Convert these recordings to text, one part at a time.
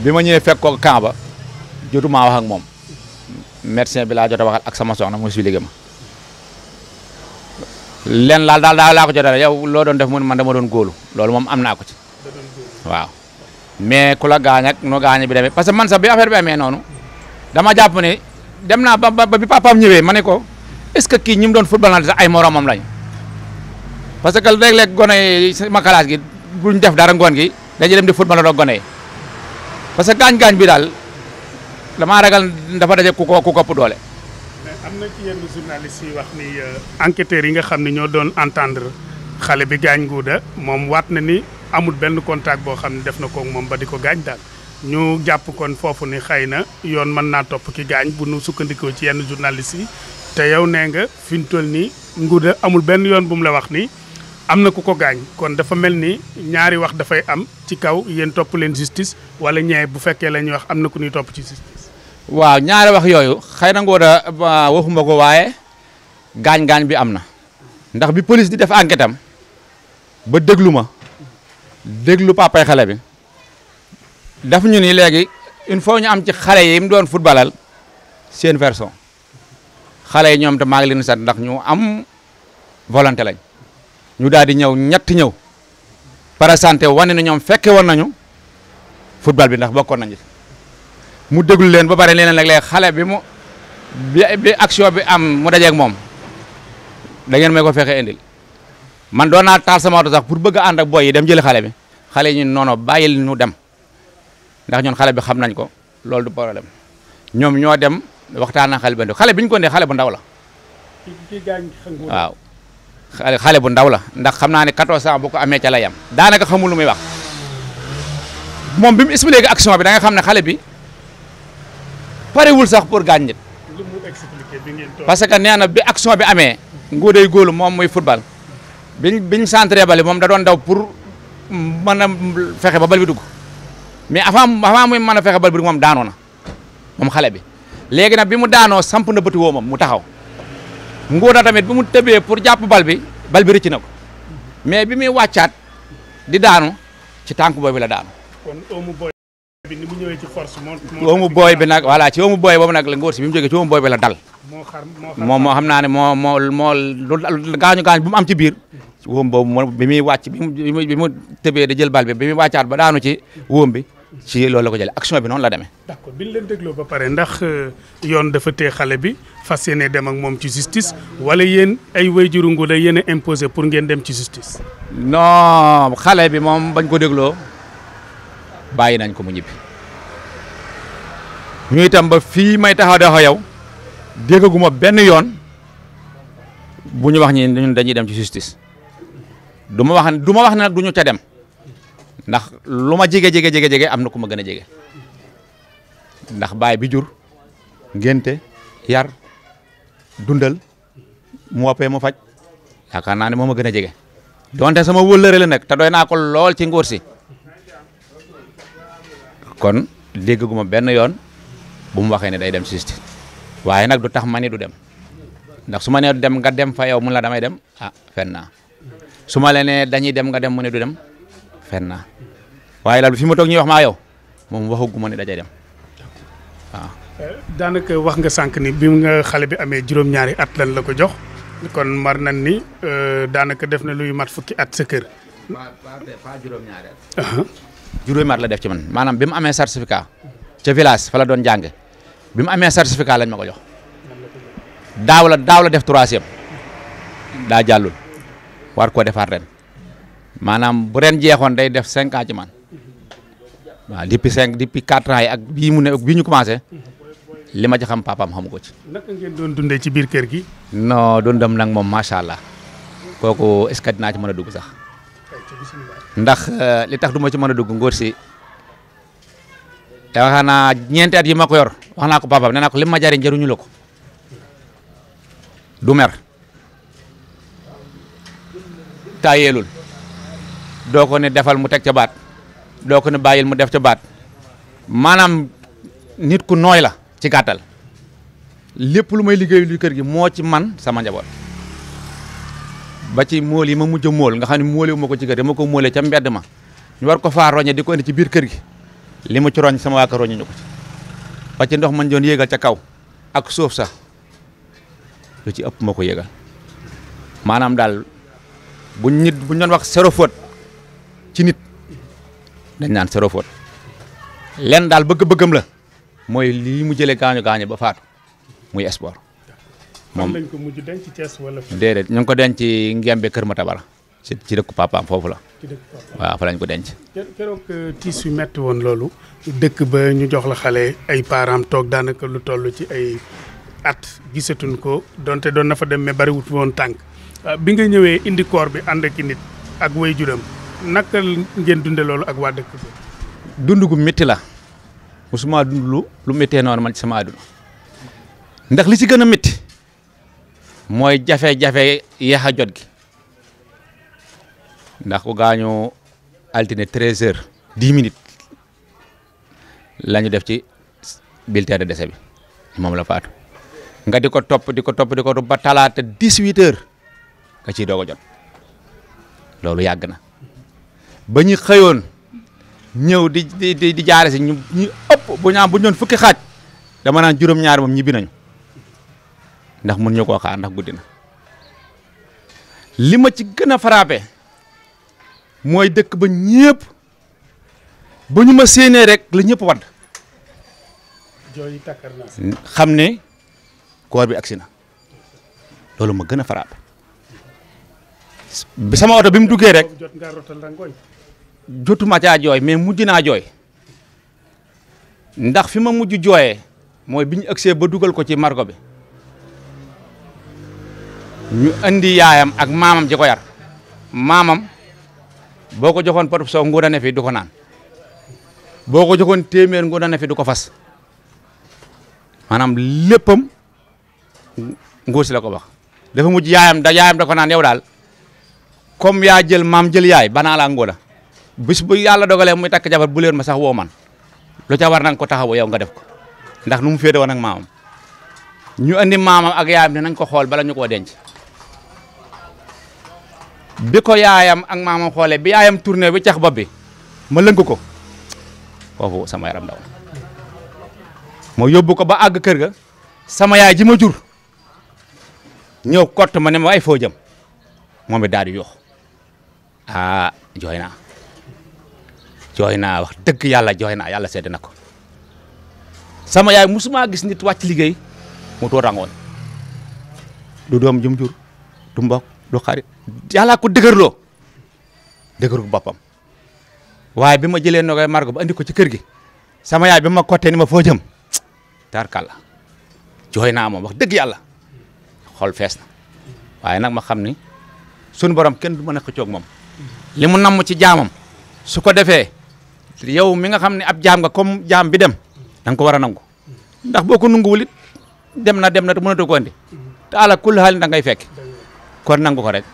bi ma ñëwee fekk ko camp ba jotumaa wax ak moom médecin bi laa jot a waxal ak sama soxna mu expliqué ma leen laal daal daal laa ko jotale yow loo doon def mun man dama doon góolu loolu moom am naa ko ci waaw mais ku la gaañ ak no bi demee parce que man sax bi affaire bi amee noonu dama jàpp ne dem naa ba ba bi papaam ñëwee ma ne ko est ce que kii ñi mu doon football sax ay moromam lañ que léeg-léeg gone yi sama classe gi buñ def dara ngoon gi dañuy dem di football la gone parce que gaañ-gaañ bi daal damaa ragal dafa daje ku ko ku kopp doole. am na ci yenn journaliste yi wax ni euh, enquêteurs yi nga xam ne ñoo doon entendre xale bi gaañ nguuda moom waat na ni amul benn contact boo xam ne def na ko moom ba di ko gaañ daal ñu jàpp kon foofu ni xëy na yoon mën naa topp ki gaañ bu nu sukkandikoo ci yenn journaliste yi te yow nee nga fi ñu toll nii nguuda amul benn yoon bu mu la wax nii am na ku ko gaañ kon dafa mel ni ñaari wax dafay am ci kaw yéen topp leen justice wala ñee bu fekkee la ñuy wax am na ku ñuy topp ci justice. waaw ñaari wax yooyu xëy na ngoon a waxuma ko waaye gaañ-gaañ bi am na ndax bi police di def enquête am ba déglu ma déglu xale bi daf ñu ni léegi il faut ñu am ci xale yi mu doon footballal seen version xale yi ñoom te maa ngi leen sant ndax ñu am volonté lañ. ñu daal di ñëw ñett ñëw para santé wane na ñoom fekke woon nañu football bi ndax bokkoon nañu mu déglu leen ba pare leneen nag léegi xale bi mu bi bi bi am mu dajeeg moom da ngeen may ko fexe indil man doon naa taal sama oto sax pour bëgg a ànd ak boy yi dem jëli xale bi xale yi ñu noono bàyyil ñu dem ndax ñun xale bi xam nañ ko loolu du problème ñoom ñoo dem waxtaan na xale bi xale bi ñu ko indee xale bu ndaw la. waaw. xale bu ndaw la ndax xam naa ne 14 ans bu ko amee ca la yam daanaka xamul lu muy wax moom bi mu expliqué action bi da nga xam ne xale bi parewul sax pour gaañ parce que nee na bi action bi amee nguuday góolu moom muy football bi biñ centré bale moom da doon daw pour mën a fexe ba bal bi dugg mais avant avant muy mën a fexe bal bi dugg moom daanoo na moom xale bi léegi nag bi mu daanoo samp na bëti moom mu taxaw nguuda tamit bu mu tëbee pour jàpp bal bi bal bi rëcc na ko mais bi muy wàccaat di daanu ci tànk boobu la daanu. kon oomu booy bi ni mu ñëwee ci force oomu booy bi nag voilà ci oomu booy boobu nag la ngóor si bi mu jógee ci oomu booy bi la dal. moo xar moom moo xam naa ne moo moo moo lu gaañu gaañ bu mu am ci biir. wóom boobu moom bi wàcc bi mu bi mu tëbee da jël bal bi bi muy wàccaat ba daanu ci wóom bi. ci loolu la ko jëlee action bi noonu la deme d'accord bi ñu leen dégloo ba pare ndax euh, yoon dafa tee xale bi fas yéene dem ak moom ci justice wala yéen ay wayjuru la yéen a imposé pour ngeen dem ci justice. non xale bi moom bañ ko dégloo bàyyi nañ ko mu ñibbi ñu itam ba fii may taxaw dafa yow déggaguma benn yoon bu ñu wax ñi ñun dañuy dem ci justice du ma wax du ma wax nag du ñu ca dem. ndax lu ma jege jege jege jege am na ku ma gën a jege ndax baay bi jur ngénte yar dundal mu woppee mu faj yaakaar naa ne moo ma gën a jege donte sama wëllëre la nag te doy naa ko lool ci nguur si kon dégguma benn yoon bu mu waxee ne day dem sisti waaye nag du tax ma ni du dem ndax su ma nee dem nga dem fa yow mun la damay dem ah fen naa su ma la nee dañuy dem nga dem mu ne du dem fenn waaye daal fi ma toog ñuy wax maa yow moom waxaguma ne dajay dem daanaka wax nga sànq ni bi nga xale bi amee juróom-ñaari at lan la ko jox kon mar nan ni euh, daanaka def na luy mat fukki at sa kër. juróom-ñaari at. Uh-huh. juróomi la def ci man maanaam bi mu amee certificat ca village fa la doon jàng bi mu amee certificat lañ ma ko jox daaw la daaw la def troisième daa jàllul war koo defaat ren. maanaam bu ren jeexoon day def cinq ans ci man waaw depuis cinq depuis quatre ans yi ak bii mu ne bii ñu commencé li ma ci xam papaam xamu ko ci. naka ngeen doon dundee ci biir kër gi. non doon dem nag moom macha allah kooku est-ce que ci mën a dugg sax ndax euh, li tax du ci mën a dugg ngóor si te wax naa ñeenti yi ma ko yor wax naa ko papaam nee naa ko li ma jariñ jaruñu la ko du mer taayeelul. doo ko ne defal mu teg ca baat doo ko ne bàyyil mu def ca baat maanaam nit ku nooy la ci gàttal lépp lu may liggéeyu lu kër gi moo ci man sama njaboot ba ci mool yi ma mujj a mool nga xam ne moolewu ma ko ci gar dama ko moolee ca mbedd ma ñu war ko faa roñe di ko indi ci biir kër gi li mu ci roñ sama waa kër roñu ñu ko ci ba ci ndox ma doon yéegal ca kaw ak soof sax lu ci ëpp ma ko yéegal maanaam daal bu nit bu ñu doon wax sero faute ci nit dañ naan zéro faute lenn daal bëgg-bëggam la mooy lii mu jëlee gaañu gaañu ba faatu muy espoir. moom lañ ko mujj denc Thiès wala. déedéet ñu ngi ko denc Ngembe Kër Mataba la ci ci dëkku papaam foofu la. ci fa lañ ko denc. keroog euh, tiis yu metti woon loolu. dëkk ba ñu jox la xale ay parents toog daanaka lu toll ci ay at gisatuñ ko donte doon nafa fa dem mais bariwut woon tànk euh, bi nga ñëwee indi koor bi ànd ak nit ak way juram naka ngeen dunde loolu ak waa métti la mosuma dund lu lu méttee noonu man ci ndax li ci gën a métti mooy jafe-jafe yeex a jot gi ndax ku gaañoo altine treize heures dix minutes la def ci bulletin de décès bi moom la faatu nga di ko topp di ko topp di topp ba talaata dix huit heures nga ciy doog jot loolu yàgg na. ba ñu xëyoon ñëw di di di jaare si ñu ñu ëpp bu ñu bu ñu fukki xaaj dama naan juróom-ñaar moom ñibbi nañu ndax mun ñu koo xaar ndax guddi na li ma ci gën a frappé mooy dëkk ba ñëpp ba ñu ma seenee rek la ñëpp wadd xam ne koor bi agsi na loolu ma gën a frappé bi sama oto bi mu duggee rek jotuma caa jooy mais mujj naa jooy ndax fi ma mujj jooyee mooy bi ñu agsee ba dugal ko ci margo bi ñu andi yaayam ak maamam ji ko yar maamam boo ko joxoon pot soo nguur a ne fi du ko naan boo ko joxoon téeméer nguur a ne fi du ko fas maanaam léppam nguur la ko wax dafa mujj yaayam da yaayam da ko naan yow daal comme yaa jël maam jël yaay banaa laa ngóor bis bu yàlla dogalee muy takk jabar buleer ma sax woo man lu ca war na ko taxaw yow nga def ko ndax nu mu féete woon ak maamam ñu andi maamam ak yaayam ne nañ ko xool bala ñu koo denc bi ko yaayam ak maamam xoolee bi yaayam turne bi cax bopp bi ma lënk ko foofu sama yaram daw moo yóbbu ko ba àgg kër ga sama yaay ji ma jur ñëw kott ma ne ma ay foo jëm moom it daal di yox ah jooy naa jooy naa wax dëgg yàlla jooy na yàlla seede na ko sama yaay musuma gis nit wàcc liggéey mu doo rangoon du doom jum jur du mbokk du xarit yàlla ko dëgërloo dëgëru boppam waaye bi ma jëlee nogay margo ba andi ko ci kër gi sama yaay bi ma kottee ni ma foo jëm tarkalla jooy naa moom wax dëgg yàlla xol fees na waaye nag ma xam ni sunu borom kenn du mën a xëccoog moom li mu namm ci jaamam su ko defee yow mi nga xam ne ab jaam nga comme jaam bi dem da nga ko war a nangu ndax boo ko nanguwul it dem na dem na te mënatoo ko andi te ala kulli haal da ngay fekk kon nangu ko rek.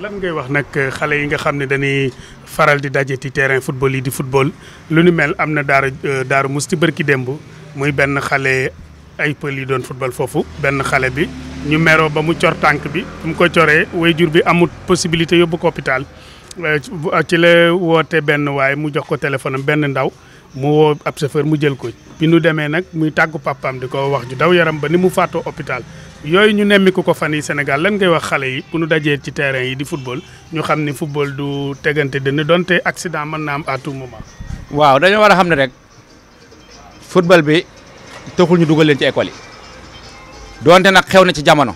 lan ngay wax nag eh, xale yi nga xam ne dañuy faral di daje ti terrain football yi di football lu ni mel am na daara eh, daaru musti bërki démb muy benn xale ay pël yi doon football foofu benn xale bi ñu meroo ba mu cor tànk bi mu ko coree waajur bi amut possibilité yóbbu ko Eh, ci la woote benn waaye mu jox ko téléphone benn ndaw mu woo ab chauffeur mu jël ko bi nu demee nag muy tàggu papaam di ko wax ju daw yaram ba ni mu fàtto hôpital yooyu ñu nemmiku ko fan yi Sénégal lan koy wax xale yi bu nu dajee ci terrain yi di football ñu xam ni football du tegante dina donte accident mën na am à tout moment. waaw dañoo war a xam ne rek football bi taxul ñu dugal leen ci école yi donte nag xew na ci jamono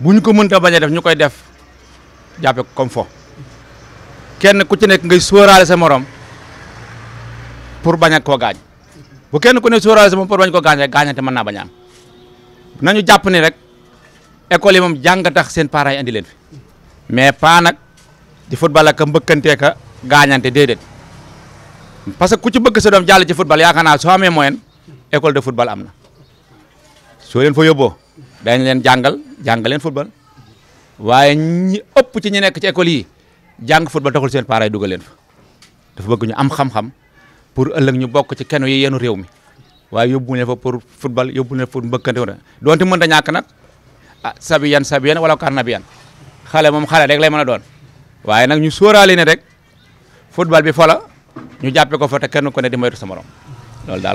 bu ñu ko mënta bañ def ñu koy def. jàppe ko comme fo kenn ku ci nekk ngay sóoraale sa morom pour bañ koo gaañ bu kenn ku ne sóoraale sa morom pour bañ koo gaañ rek gaañante mën naa bañ a am nañu jàpp ni rek école yi moom jàng tax seen parents yi andi leen fi mais pas nag di football ak mbëkkantee ka gaañante déedéet parce que ku ci bëgg sa doom jàll ci football yaakaar naa soo amee moyen école de football am na soo leen fa yóbboo dañ leen jàngal jàngal leen football waaye ñi ëpp ci ñi nekk ci école yi jàng football taxul seen parents yi dugal fa dafa bëgg ñu am xam-xam pour ëllëg ñu bokk ci kenn yi yenu réew mi waaye yóbbu leen fa pour football yóbbu leen pour mbëkkante woon doonte mën a ñàkk nag ah sabiyan sabiyan wala karnabiyan xale moom xale rek lay mën a doon waaye nag ñu sóoraale ne rek football bi fola ñu jàppe ko fa te kenn ku ne di moytu sa morom loolu daal